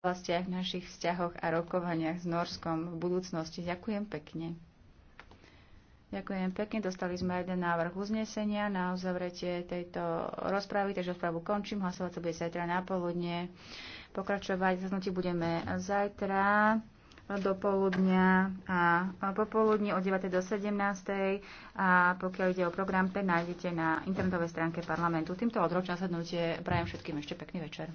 oblastiach v našich vzťahoch a rokovaniach s Norskom v budúcnosti. Ďakujem pekne. Ďakujem pekne. Dostali sme jeden návrh uznesenia na uzavretie tejto rozpravy, takže rozpravu končím. Hlasovať sa bude zajtra na poludne. Pokračovať zaznutí budeme zajtra do poludnia a popoludní od 9. do 17. A pokiaľ ide o program, ten nájdete na internetovej stránke parlamentu. Týmto odročná sadnutie prajem všetkým ešte pekný večer.